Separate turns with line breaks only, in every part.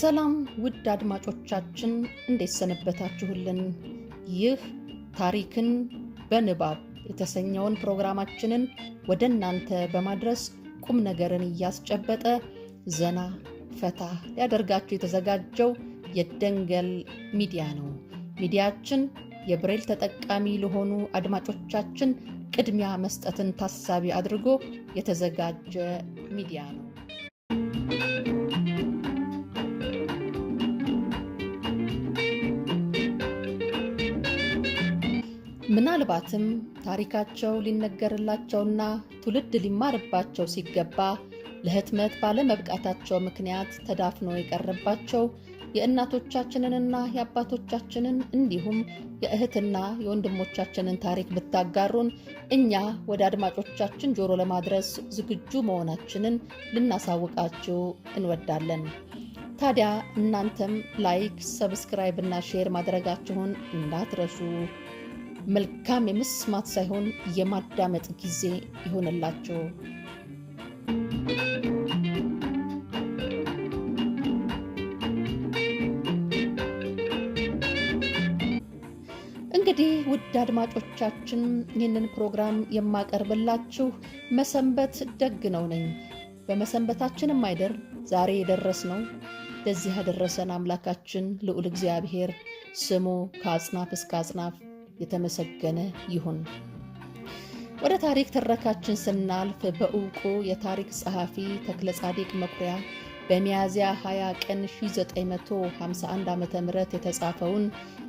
ሰላም ውድ አድማጮቻችን እንዴት ሰነበታችሁልን? ይህ ታሪክን በንባብ የተሰኘውን ፕሮግራማችንን ወደ እናንተ በማድረስ ቁም ነገርን እያስጨበጠ ዘና ፈታ ሊያደርጋችሁ የተዘጋጀው የደንገል ሚዲያ ነው። ሚዲያችን የብሬል ተጠቃሚ ለሆኑ አድማጮቻችን ቅድሚያ መስጠትን ታሳቢ አድርጎ የተዘጋጀ ሚዲያ ነው። ምናልባትም ታሪካቸው ሊነገርላቸውና ትውልድ ሊማርባቸው ሲገባ ለህትመት ባለመብቃታቸው ምክንያት ተዳፍኖ የቀረባቸው የእናቶቻችንንና የአባቶቻችንን እንዲሁም የእህትና የወንድሞቻችንን ታሪክ ብታጋሩን እኛ ወደ አድማጮቻችን ጆሮ ለማድረስ ዝግጁ መሆናችንን ልናሳውቃችሁ እንወዳለን። ታዲያ እናንተም ላይክ፣ ሰብስክራይብ እና ሼር ማድረጋችሁን እንዳትረሱ። መልካም የመስማት ሳይሆን የማዳመጥ ጊዜ ይሆንላቸው። እንግዲህ ውድ አድማጮቻችን ይህንን ፕሮግራም የማቀርብላችሁ መሰንበት ደግ ነው ነኝ። በመሰንበታችን አይደር ዛሬ የደረስነው ለዚህ ያደረሰን አምላካችን ልዑል እግዚአብሔር ስሙ ከአጽናፍ እስከ አጽናፍ የተመሰገነ ይሁን። ወደ ታሪክ ትረካችን ስናልፍ በእውቁ የታሪክ ጸሐፊ ተክለ ጻዲቅ መኩሪያ በሚያዝያ 20 ቀን 1951 ዓ.ም የተጻፈውን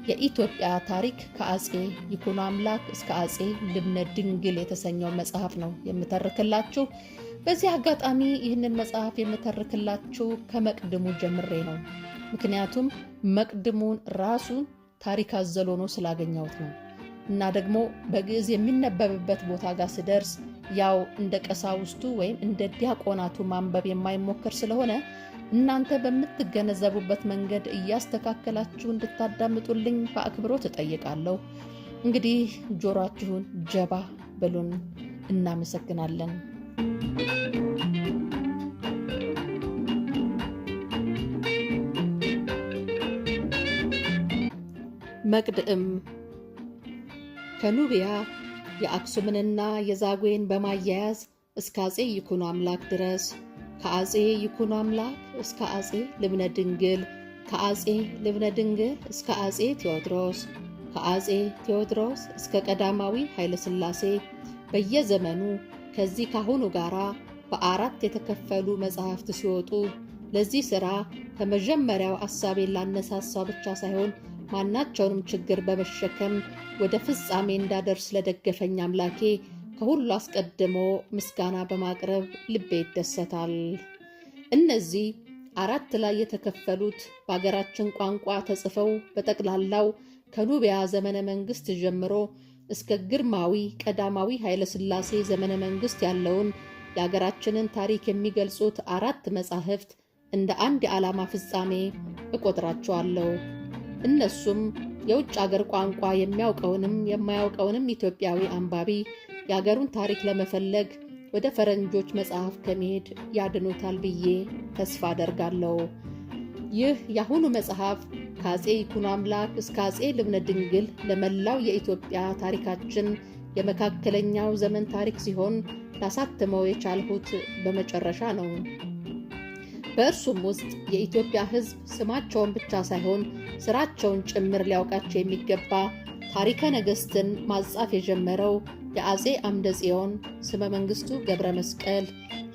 የኢትዮጵያ ታሪክ ከአጼ ይኩኖ አምላክ እስከ አጼ ልብነ ድንግል የተሰኘው መጽሐፍ ነው የምተርክላችሁ። በዚህ አጋጣሚ ይህንን መጽሐፍ የምተርክላችሁ ከመቅድሙ ጀምሬ ነው። ምክንያቱም መቅድሙን ራሱን ታሪክ አዘሎ ሆኖ ስላገኘሁት ነው። እና ደግሞ በግዕዝ የሚነበብበት ቦታ ጋር ስደርስ ያው እንደ ቀሳውስቱ ወይም እንደ ዲያቆናቱ ማንበብ የማይሞከር ስለሆነ እናንተ በምትገነዘቡበት መንገድ እያስተካከላችሁ እንድታዳምጡልኝ በአክብሮት እጠይቃለሁ። እንግዲህ ጆሯችሁን ጀባ በሉን። እናመሰግናለን። መቅድእም ከኑቢያ የአክሱምንና የዛጉዌን በማያያዝ እስከ አጼ ይኩኖ አምላክ ድረስ ከአጼ ይኩኖ አምላክ እስከ አጼ ልብነ ድንግል ከአጼ ልብነ ድንግል እስከ አጼ ቴዎድሮስ ከአጼ ቴዎድሮስ እስከ ቀዳማዊ ኃይለ ሥላሴ በየዘመኑ ከዚህ ካሁኑ ጋር በአራት የተከፈሉ መጻሕፍት ሲወጡ ለዚህ ሥራ ከመጀመሪያው አሳቤን ላነሳሳው ብቻ ሳይሆን ማናቸውንም ችግር በመሸከም ወደ ፍጻሜ እንዳደርስ ለደገፈኝ አምላኬ ከሁሉ አስቀድሞ ምስጋና በማቅረብ ልቤ ይደሰታል። እነዚህ አራት ላይ የተከፈሉት በአገራችን ቋንቋ ተጽፈው በጠቅላላው ከኑቢያ ዘመነ መንግስት ጀምሮ እስከ ግርማዊ ቀዳማዊ ሥላሴ ዘመነ መንግስት ያለውን የአገራችንን ታሪክ የሚገልጹት አራት መጻሕፍት እንደ አንድ የዓላማ ፍጻሜ እቆጥራቸዋለሁ። እነሱም የውጭ አገር ቋንቋ የሚያውቀውንም የማያውቀውንም ኢትዮጵያዊ አንባቢ የአገሩን ታሪክ ለመፈለግ ወደ ፈረንጆች መጽሐፍ ከመሄድ ያድኑታል ብዬ ተስፋ አደርጋለሁ። ይህ የአሁኑ መጽሐፍ ከአጼ ይኩኖ አምላክ እስከ አጼ ልብነ ድንግል ለመላው የኢትዮጵያ ታሪካችን የመካከለኛው ዘመን ታሪክ ሲሆን ላሳትመው የቻልሁት በመጨረሻ ነው። በእርሱም ውስጥ የኢትዮጵያ ሕዝብ ስማቸውን ብቻ ሳይሆን ስራቸውን ጭምር ሊያውቃቸው የሚገባ ታሪከ ነገሥትን ማጻፍ የጀመረው የአጼ አምደ ጽዮን ስመ መንግሥቱ ገብረ መስቀል፣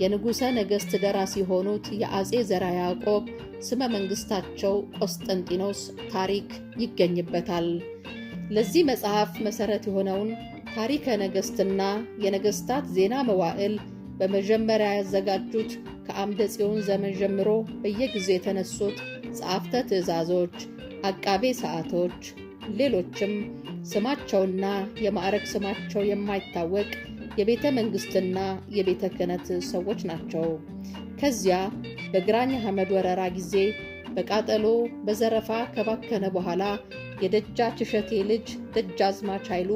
የንጉሠ ነገሥት ደራሲ የሆኑት የአጼ ዘራ ያዕቆብ ስመ መንግሥታቸው ቆስጠንጢኖስ ታሪክ ይገኝበታል። ለዚህ መጽሐፍ መሠረት የሆነውን ታሪከ ነገሥትና የነገሥታት ዜና መዋዕል በመጀመሪያ ያዘጋጁት ከአምደ ጽዮን ዘመን ጀምሮ በየጊዜ የተነሱት ጸሐፍተ ትእዛዞች፣ አቃቤ ሰዓቶች፣ ሌሎችም ስማቸውና የማዕረግ ስማቸው የማይታወቅ የቤተ መንግሥትና የቤተ ክህነት ሰዎች ናቸው። ከዚያ በግራኝ አህመድ ወረራ ጊዜ በቃጠሎ በዘረፋ ከባከነ በኋላ የደጃች እሸቴ ልጅ ደጃዝማች ኃይሉ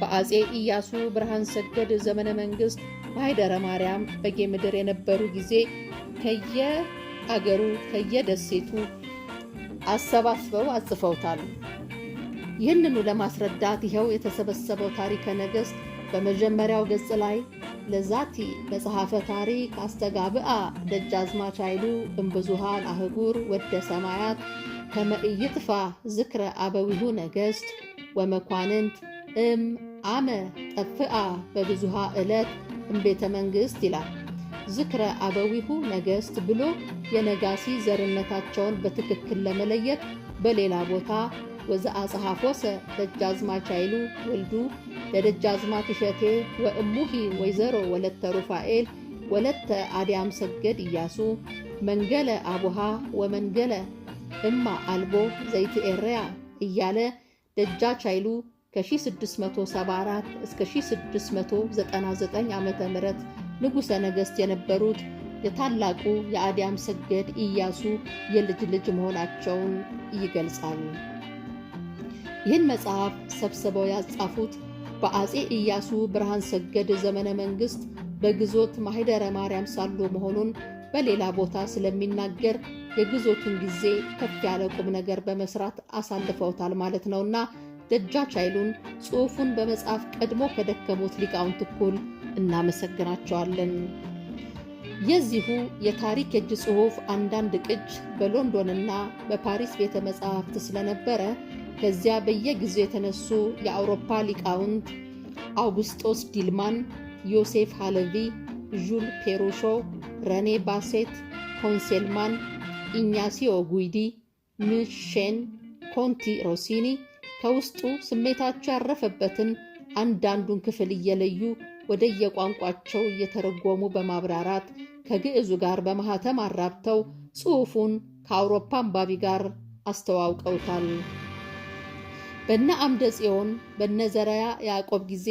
በአጼ ኢያሱ ብርሃን ሰገድ ዘመነ መንግስት በሀይደረ ማርያም በጌ ምድር የነበሩ ጊዜ ከየአገሩ ከየደሴቱ አሰባስበው አጽፈውታል። ይህንኑ ለማስረዳት ይኸው የተሰበሰበው ታሪከ ነገሥት በመጀመሪያው ገጽ ላይ ለዛቲ መጽሐፈ ታሪክ አስተጋብአ ደጃዝማች አይሉ እምብዙሃን አህጉር ወደ ሰማያት ከመእይጥፋ ዝክረ አበዊሁ ነገሥት ወመኳንንት እም አመ ጠፍአ በብዙሃ ዕለት እምቤተ መንግሥት ይላል። ዝክረ አበዊሁ ነገሥት ብሎ የነጋሲ ዘርነታቸውን በትክክል ለመለየት በሌላ ቦታ ወዘአጽሐፎሰ ደጃዝማች ኃይሉ ወልዱ ለደጃዝማች እሸቴ ወእሙሂ ወይዘሮ ወለተ ሩፋኤል ወለተ አዲያም ሰገድ እያሱ መንገለ አቡሃ ወመንገለ እማ አልቦ ኤርያ እያለ ደጃች ኃይሉ ከ1674 እስከ 1699 ዓ ም ንጉሠ ነገሥት የነበሩት የታላቁ የአዲያም ሰገድ ኢያሱ የልጅ ልጅ መሆናቸውን ይገልጻሉ። ይህን መጽሐፍ ሰብስበው ያጻፉት በአጼ ኢያሱ ብርሃን ሰገድ ዘመነ መንግሥት በግዞት ማኅደረ ማርያም ሳሉ መሆኑን በሌላ ቦታ ስለሚናገር የግዞቱን ጊዜ ከፍ ያለ ቁም ነገር በመስራት አሳልፈውታል ማለት ነውና ደጃች ኃይሉን ጽሑፉን በመጻፍ ቀድሞ ከደከሙት ሊቃውንት እኩል እናመሰግናቸዋለን። የዚሁ የታሪክ የእጅ ጽሑፍ አንዳንድ ቅጅ በሎንዶንና በፓሪስ ቤተ መጻሕፍት ስለነበረ ከዚያ በየጊዜው የተነሱ የአውሮፓ ሊቃውንት አውጉስጦስ ዲልማን፣ ዮሴፍ ሃለቪ፣ ዡል ፔሩሾ፣ ረኔ ባሴት፣ ኮንሴልማን፣ ኢኛሲዮ ጉይዲ፣ ሚሼን ኮንቲ ሮሲኒ ከውስጡ ስሜታቸው ያረፈበትን አንዳንዱን ክፍል እየለዩ ወደየቋንቋቸው እየተረጎሙ በማብራራት ከግዕዙ ጋር በማኅተም አራብተው ጽሑፉን ከአውሮፓ አንባቢ ጋር አስተዋውቀውታል። በነ አምደ ጽዮን በነ ዘረያ ያዕቆብ ጊዜ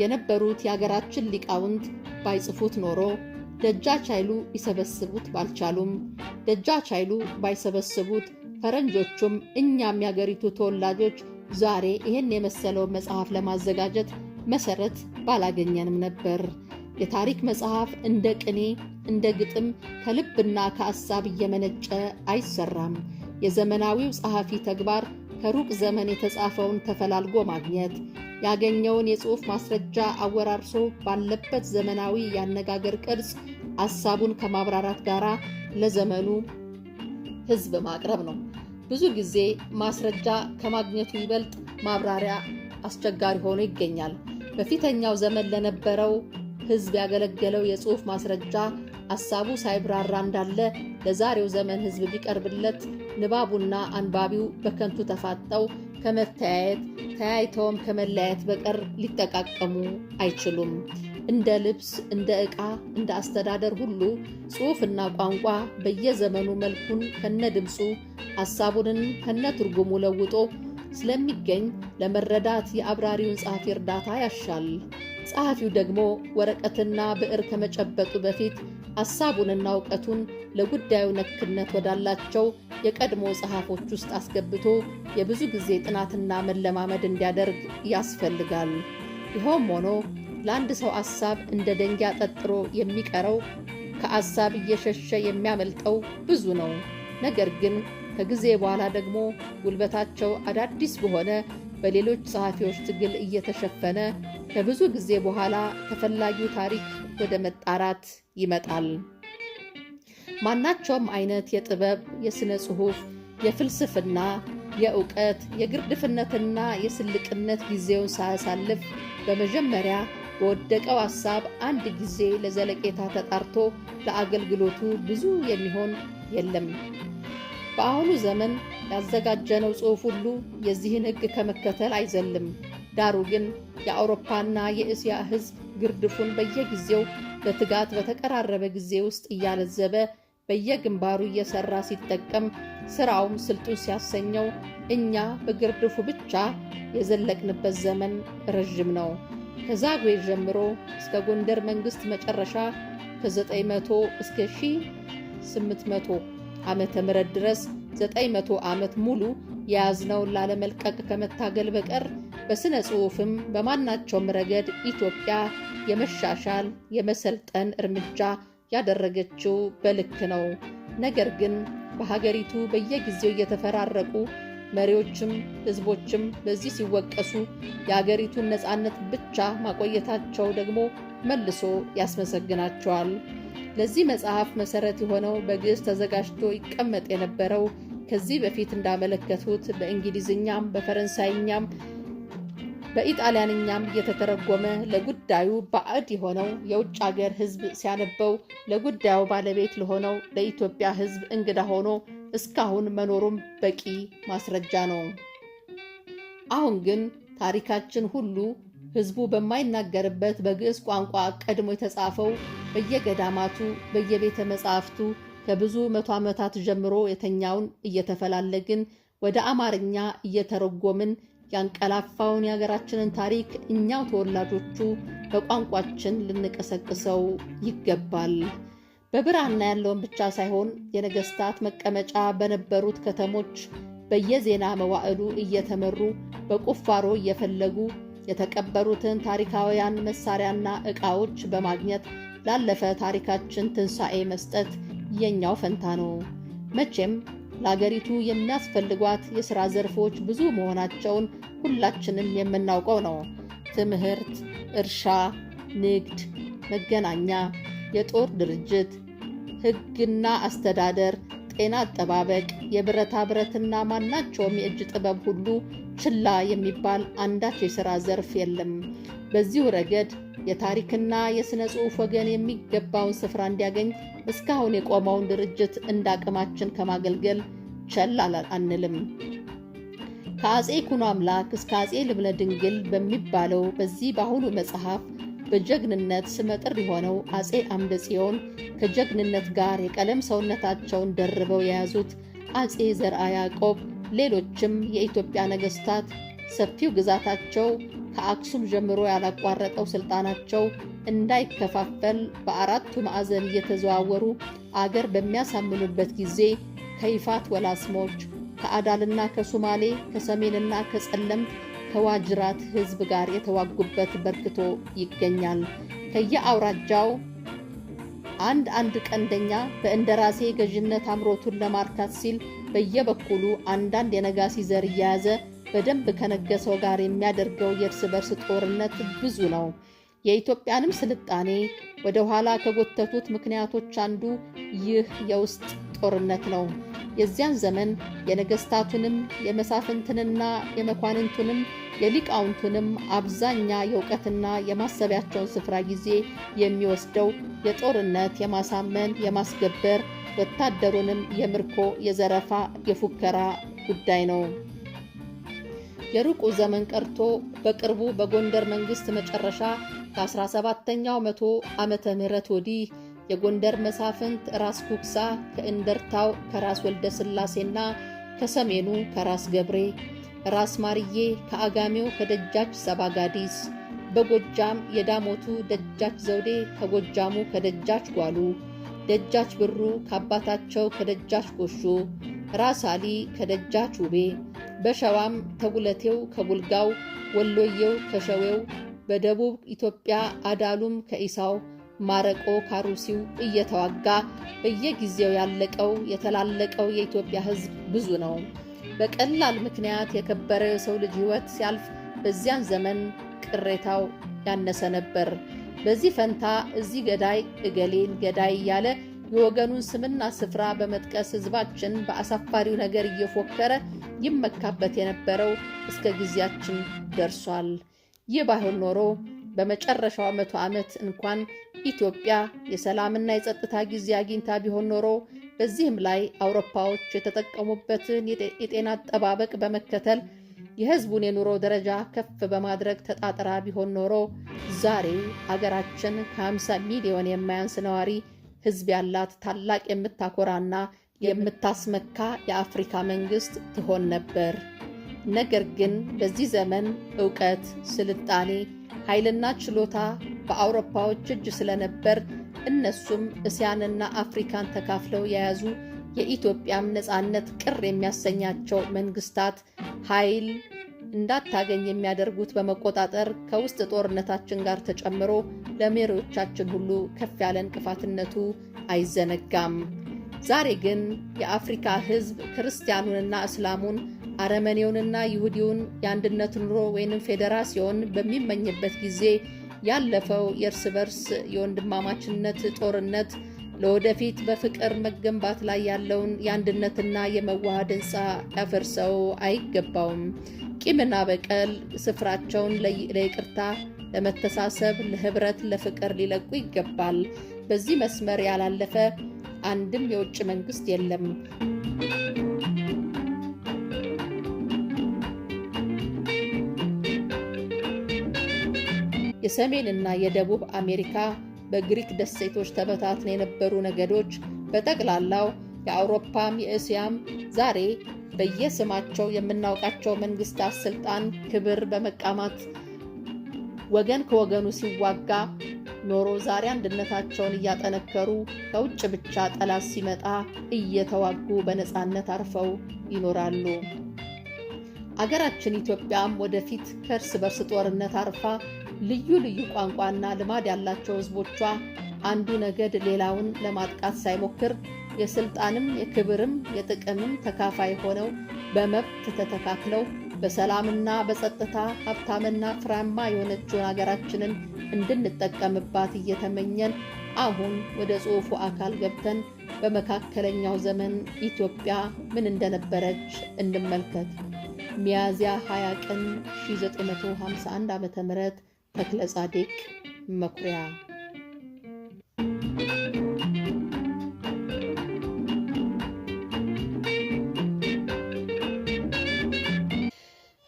የነበሩት የአገራችን ሊቃውንት ባይጽፉት ኖሮ ደጃች ኃይሉ ይሰበስቡት ባልቻሉም፣ ደጃች ኃይሉ ባይሰበስቡት ፈረንጆቹም እኛም የአገሪቱ ተወላጆች ዛሬ ይህን የመሰለውን መጽሐፍ ለማዘጋጀት መሰረት ባላገኘንም ነበር። የታሪክ መጽሐፍ እንደ ቅኔ፣ እንደ ግጥም ከልብና ከአሳብ እየመነጨ አይሰራም። የዘመናዊው ጸሐፊ ተግባር ከሩቅ ዘመን የተጻፈውን ተፈላልጎ ማግኘት፣ ያገኘውን የጽሑፍ ማስረጃ አወራርሶ ባለበት ዘመናዊ የአነጋገር ቅርጽ አሳቡን ከማብራራት ጋር ለዘመኑ ህዝብ ማቅረብ ነው። ብዙ ጊዜ ማስረጃ ከማግኘቱ ይበልጥ ማብራሪያ አስቸጋሪ ሆኖ ይገኛል። በፊተኛው ዘመን ለነበረው ሕዝብ ያገለገለው የጽሑፍ ማስረጃ ሐሳቡ ሳይብራራ እንዳለ ለዛሬው ዘመን ሕዝብ ቢቀርብለት ንባቡና አንባቢው በከንቱ ተፋጠው ከመተያየት ተያይተውም ከመለያየት በቀር ሊጠቃቀሙ አይችሉም። እንደ ልብስ፣ እንደ ዕቃ፣ እንደ አስተዳደር ሁሉ ጽሑፍና ቋንቋ በየዘመኑ መልኩን ከነ ድምፁ ሐሳቡንን ከነ ትርጉሙ ለውጦ ስለሚገኝ ለመረዳት የአብራሪውን ጸሐፊ እርዳታ ያሻል። ጸሐፊው ደግሞ ወረቀትና ብዕር ከመጨበጡ በፊት ሐሳቡንና እውቀቱን ለጉዳዩ ነክነት ወዳላቸው የቀድሞ ጸሐፎች ውስጥ አስገብቶ የብዙ ጊዜ ጥናትና መለማመድ እንዲያደርግ ያስፈልጋል። ይኸውም ሆኖ ለአንድ ሰው አሳብ እንደ ደንጊያ ጠጥሮ የሚቀረው ከአሳብ እየሸሸ የሚያመልጠው ብዙ ነው። ነገር ግን ከጊዜ በኋላ ደግሞ ጉልበታቸው አዳዲስ በሆነ በሌሎች ጸሐፊዎች ትግል እየተሸፈነ ከብዙ ጊዜ በኋላ ተፈላጊው ታሪክ ወደ መጣራት ይመጣል። ማናቸውም አይነት የጥበብ፣ የሥነ ጽሑፍ፣ የፍልስፍና፣ የእውቀት፣ የግርድፍነትና የስልቅነት ጊዜውን ሳያሳልፍ በመጀመሪያ በወደቀው ሀሳብ አንድ ጊዜ ለዘለቄታ ተጣርቶ ለአገልግሎቱ ብዙ የሚሆን የለም። በአሁኑ ዘመን ያዘጋጀነው ጽሑፍ ሁሉ የዚህን ሕግ ከመከተል አይዘልም። ዳሩ ግን የአውሮፓና የእስያ ሕዝብ ግርድፉን በየጊዜው በትጋት በተቀራረበ ጊዜ ውስጥ እያለዘበ በየግንባሩ እየሰራ ሲጠቀም ስራውም ስልጡን ሲያሰኘው እኛ በግርድፉ ብቻ የዘለቅንበት ዘመን ረዥም ነው። ከዛግዌ ጀምሮ እስከ ጎንደር መንግስት መጨረሻ ከ900 እስከ 800 ዓመተ ምህረት ድረስ 900 ዓመት ሙሉ የያዝነውን ላለመልቀቅ ከመታገል በቀር በሥነ ጽሑፍም በማናቸውም ረገድ ኢትዮጵያ የመሻሻል የመሰልጠን እርምጃ ያደረገችው በልክ ነው። ነገር ግን በሀገሪቱ በየጊዜው እየተፈራረቁ መሪዎችም ህዝቦችም በዚህ ሲወቀሱ የአገሪቱን ነፃነት ብቻ ማቆየታቸው ደግሞ መልሶ ያስመሰግናቸዋል። ለዚህ መጽሐፍ መሰረት የሆነው በግዕዝ ተዘጋጅቶ ይቀመጥ የነበረው ከዚህ በፊት እንዳመለከቱት በእንግሊዝኛም በፈረንሳይኛም በኢጣሊያንኛም እየተተረጎመ ለጉዳዩ ባዕድ የሆነው የውጭ አገር ሕዝብ ሲያነበው ለጉዳዩ ባለቤት ለሆነው ለኢትዮጵያ ሕዝብ እንግዳ ሆኖ እስካሁን መኖሩም በቂ ማስረጃ ነው። አሁን ግን ታሪካችን ሁሉ ሕዝቡ በማይናገርበት በግዕዝ ቋንቋ ቀድሞ የተጻፈው በየገዳማቱ በየቤተ መጻሕፍቱ ከብዙ መቶ ዓመታት ጀምሮ የተኛውን እየተፈላለግን ወደ አማርኛ እየተረጎምን ያንቀላፋውን የሀገራችንን ታሪክ እኛው ተወላጆቹ በቋንቋችን ልንቀሰቅሰው ይገባል። በብራና ያለውን ብቻ ሳይሆን የነገስታት መቀመጫ በነበሩት ከተሞች በየዜና መዋዕሉ እየተመሩ በቁፋሮ እየፈለጉ የተቀበሩትን ታሪካውያን መሳሪያና ዕቃዎች በማግኘት ላለፈ ታሪካችን ትንሣኤ መስጠት የኛው ፈንታ ነው። መቼም ለአገሪቱ የሚያስፈልጓት የሥራ ዘርፎች ብዙ መሆናቸውን ሁላችንም የምናውቀው ነው። ትምህርት፣ እርሻ፣ ንግድ፣ መገናኛ፣ የጦር ድርጅት፣ ሕግና አስተዳደር፣ ጤና አጠባበቅ፣ የብረታ ብረትና ማናቸውም የእጅ ጥበብ ሁሉ ችላ የሚባል አንዳች የሥራ ዘርፍ የለም። በዚሁ ረገድ የታሪክና የሥነ ጽሑፍ ወገን የሚገባውን ስፍራ እንዲያገኝ እስካሁን የቆመውን ድርጅት እንደ አቅማችን ከማገልገል ቸል አንልም። ከአጼ ይኩኖ አምላክ እስከ አጼ ልብነ ድንግል በሚባለው በዚህ በአሁኑ መጽሐፍ በጀግንነት ስመጥር የሆነው አጼ አምደ ጽዮን ከጀግንነት ጋር የቀለም ሰውነታቸውን ደርበው የያዙት አጼ ዘርአ ያዕቆብ፣ ሌሎችም የኢትዮጵያ ነገሥታት ሰፊው ግዛታቸው ከአክሱም ጀምሮ ያላቋረጠው ስልጣናቸው እንዳይከፋፈል በአራቱ ማዕዘን እየተዘዋወሩ አገር በሚያሳምኑበት ጊዜ ከይፋት ወላስሞች ከአዳልና ከሱማሌ ከሰሜንና ከጸለምት ከዋጅራት ሕዝብ ጋር የተዋጉበት በርክቶ ይገኛል። ከየአውራጃው አንድ አንድ ቀንደኛ በእንደራሴ ገዥነት አምሮቱን ለማርካት ሲል በየበኩሉ አንዳንድ የነጋሲ ዘር እየያዘ በደንብ ከነገሰው ጋር የሚያደርገው የእርስ በርስ ጦርነት ብዙ ነው። የኢትዮጵያንም ስልጣኔ ወደ ኋላ ከጎተቱት ምክንያቶች አንዱ ይህ የውስጥ ጦርነት ነው። የዚያን ዘመን የነገስታቱንም የመሳፍንትንና የመኳንንቱንም የሊቃውንቱንም አብዛኛ የእውቀትና የማሰቢያቸውን ስፍራ ጊዜ የሚወስደው የጦርነት፣ የማሳመን፣ የማስገበር ወታደሩንም የምርኮ፣ የዘረፋ፣ የፉከራ ጉዳይ ነው። የሩቁ ዘመን ቀርቶ በቅርቡ በጎንደር መንግስት መጨረሻ ከ17ኛው መቶ ዓመተ ምህረት ወዲህ የጎንደር መሳፍንት ራስ ኩክሳ ከእንደርታው ከራስ ወልደ ስላሴና ከሰሜኑ ከራስ ገብሬ፣ ራስ ማርዬ ከአጋሜው ከደጃች ሰባጋዲስ፣ በጎጃም የዳሞቱ ደጃች ዘውዴ ከጎጃሙ ከደጃች ጓሉ፣ ደጃች ብሩ ከአባታቸው ከደጃች ጎሾ፣ ራስ አሊ ከደጃች ውቤ፣ በሸዋም ተጉለቴው ከቡልጋው፣ ወሎየው ከሸዌው፣ በደቡብ ኢትዮጵያ አዳሉም ከኢሳው ማረቆ ካሩሲው እየተዋጋ በየጊዜው ያለቀው የተላለቀው የኢትዮጵያ ሕዝብ ብዙ ነው። በቀላል ምክንያት የከበረ የሰው ልጅ ሕይወት ሲያልፍ በዚያን ዘመን ቅሬታው ያነሰ ነበር። በዚህ ፈንታ እዚህ ገዳይ እገሌን ገዳይ እያለ የወገኑን ስምና ስፍራ በመጥቀስ ህዝባችን በአሳፋሪው ነገር እየፎከረ ይመካበት የነበረው እስከ ጊዜያችን ደርሷል። ይህ ባይሆን ኖሮ በመጨረሻው መቶ ዓመት እንኳን ኢትዮጵያ የሰላምና የጸጥታ ጊዜ አግኝታ ቢሆን ኖሮ በዚህም ላይ አውሮፓዎች የተጠቀሙበትን የጤና አጠባበቅ በመከተል የሕዝቡን የኑሮ ደረጃ ከፍ በማድረግ ተጣጥራ ቢሆን ኖሮ ዛሬ አገራችን ከ50 ሚሊዮን የማያንስ ነዋሪ ሕዝብ ያላት ታላቅ የምታኮራና የምታስመካ የአፍሪካ መንግስት ትሆን ነበር። ነገር ግን በዚህ ዘመን እውቀት፣ ስልጣኔ፣ ኃይልና ችሎታ በአውሮፓዎች እጅ ስለነበር እነሱም እስያንና አፍሪካን ተካፍለው የያዙ የኢትዮጵያም ነፃነት ቅር የሚያሰኛቸው መንግስታት ኃይል እንዳታገኝ የሚያደርጉት በመቆጣጠር ከውስጥ ጦርነታችን ጋር ተጨምሮ ለመሪዎቻችን ሁሉ ከፍ ያለ እንቅፋትነቱ አይዘነጋም። ዛሬ ግን የአፍሪካ ሕዝብ ክርስቲያኑንና እስላሙን አረመኔውንና ይሁዲውን የአንድነት ኑሮ ወይንም ፌዴራሲዮን በሚመኝበት ጊዜ ያለፈው የእርስ በርስ የወንድማማችነት ጦርነት ለወደፊት በፍቅር መገንባት ላይ ያለውን የአንድነትና የመዋሃድ ህንፃ ያፈርሰው አይገባውም። ቂምና በቀል ስፍራቸውን ለይቅርታ፣ ለመተሳሰብ፣ ለህብረት፣ ለፍቅር ሊለቁ ይገባል። በዚህ መስመር ያላለፈ አንድም የውጭ መንግስት የለም። የሰሜንና የደቡብ አሜሪካ በግሪክ ደሴቶች ተበታትን የነበሩ ነገዶች በጠቅላላው የአውሮፓም የእስያም ዛሬ በየስማቸው የምናውቃቸው መንግስታት ስልጣን፣ ክብር በመቃማት ወገን ከወገኑ ሲዋጋ ኖሮ ዛሬ አንድነታቸውን እያጠነከሩ ከውጭ ብቻ ጠላት ሲመጣ እየተዋጉ በነፃነት አርፈው ይኖራሉ። አገራችን ኢትዮጵያም ወደፊት ከእርስ በርስ ጦርነት አርፋ ልዩ ልዩ ቋንቋና ልማድ ያላቸው ሕዝቦቿ አንዱ ነገድ ሌላውን ለማጥቃት ሳይሞክር የስልጣንም የክብርም የጥቅምም ተካፋይ ሆነው በመብት ተተካክለው በሰላምና በጸጥታ ሀብታምና ፍራማ የሆነችውን አገራችንን እንድንጠቀምባት እየተመኘን አሁን ወደ ጽሑፉ አካል ገብተን በመካከለኛው ዘመን ኢትዮጵያ ምን እንደነበረች እንመልከት። ሚያዝያ 20 ቀን 1951 ዓ.ም ተክለ ጻድቅ መኩሪያ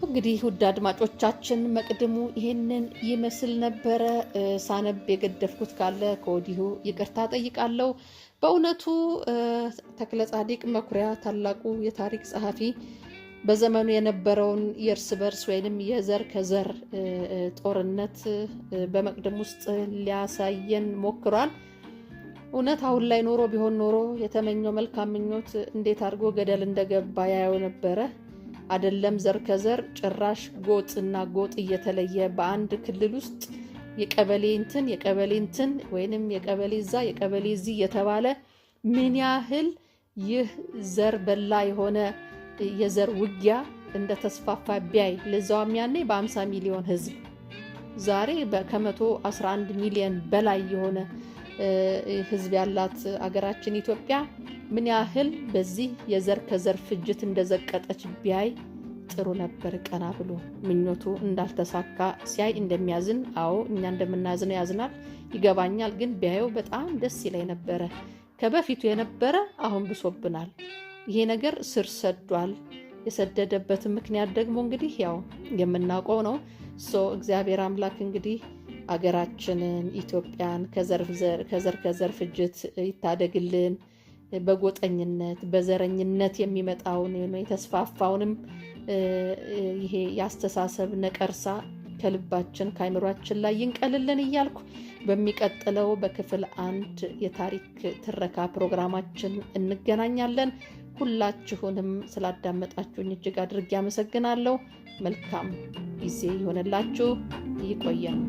እንግዲህ ውድ አድማጮቻችን መቅድሙ ይህንን ይመስል ነበረ። ሳነብ የገደፍኩት ካለ ከወዲሁ ይቅርታ ጠይቃለሁ። በእውነቱ ተክለ መኩሪያ ታላቁ የታሪክ ጸሐፊ በዘመኑ የነበረውን የእርስ በርስ ወይንም የዘር ከዘር ጦርነት በመቅደም ውስጥ ሊያሳየን ሞክሯል። እውነት አሁን ላይ ኖሮ ቢሆን ኖሮ የተመኘው መልካም ምኞት እንዴት አድርጎ ገደል እንደገባ ያየው ነበረ። አደለም ዘር ከዘር ጭራሽ ጎጥ እና ጎጥ እየተለየ በአንድ ክልል ውስጥ የቀበሌ እንትን የቀበሌ እንትን ወይንም የቀበሌ ዛ የቀበሌ ዚ እየተባለ ምን ያህል ይህ ዘር በላ የሆነ የዘር ውጊያ እንደተስፋፋ ቢያይ ለዛውም ያኔ በ50 ሚሊዮን ህዝብ ዛሬ ከ111 ሚሊዮን በላይ የሆነ ህዝብ ያላት አገራችን ኢትዮጵያ ምን ያህል በዚህ የዘር ከዘር ፍጅት እንደዘቀጠች ቢያይ ጥሩ ነበር። ቀና ብሎ ምኞቱ እንዳልተሳካ ሲያይ እንደሚያዝን፣ አዎ እኛ እንደምናዝነው ያዝናል፣ ይገባኛል። ግን ቢያየው በጣም ደስ ይላይ ነበረ። ከበፊቱ የነበረ አሁን ብሶብናል። ይሄ ነገር ስር ሰዷል። የሰደደበት ምክንያት ደግሞ እንግዲህ ያው የምናውቀው ነው። ሶ እግዚአብሔር አምላክ እንግዲህ አገራችንን ኢትዮጵያን ከዘር ከዘር ፍጅት ይታደግልን። በጎጠኝነት በዘረኝነት የሚመጣውን የተስፋፋውንም ይሄ የአስተሳሰብ ነቀርሳ ከልባችን ከአይምሯችን ላይ ይንቀልልን እያልኩ በሚቀጥለው በክፍል አንድ የታሪክ ትረካ ፕሮግራማችን እንገናኛለን። ሁላችሁንም ስላዳመጣችሁኝ እጅግ አድርጌ አመሰግናለሁ። መልካም ጊዜ ይሆንላችሁ። ይቆየን።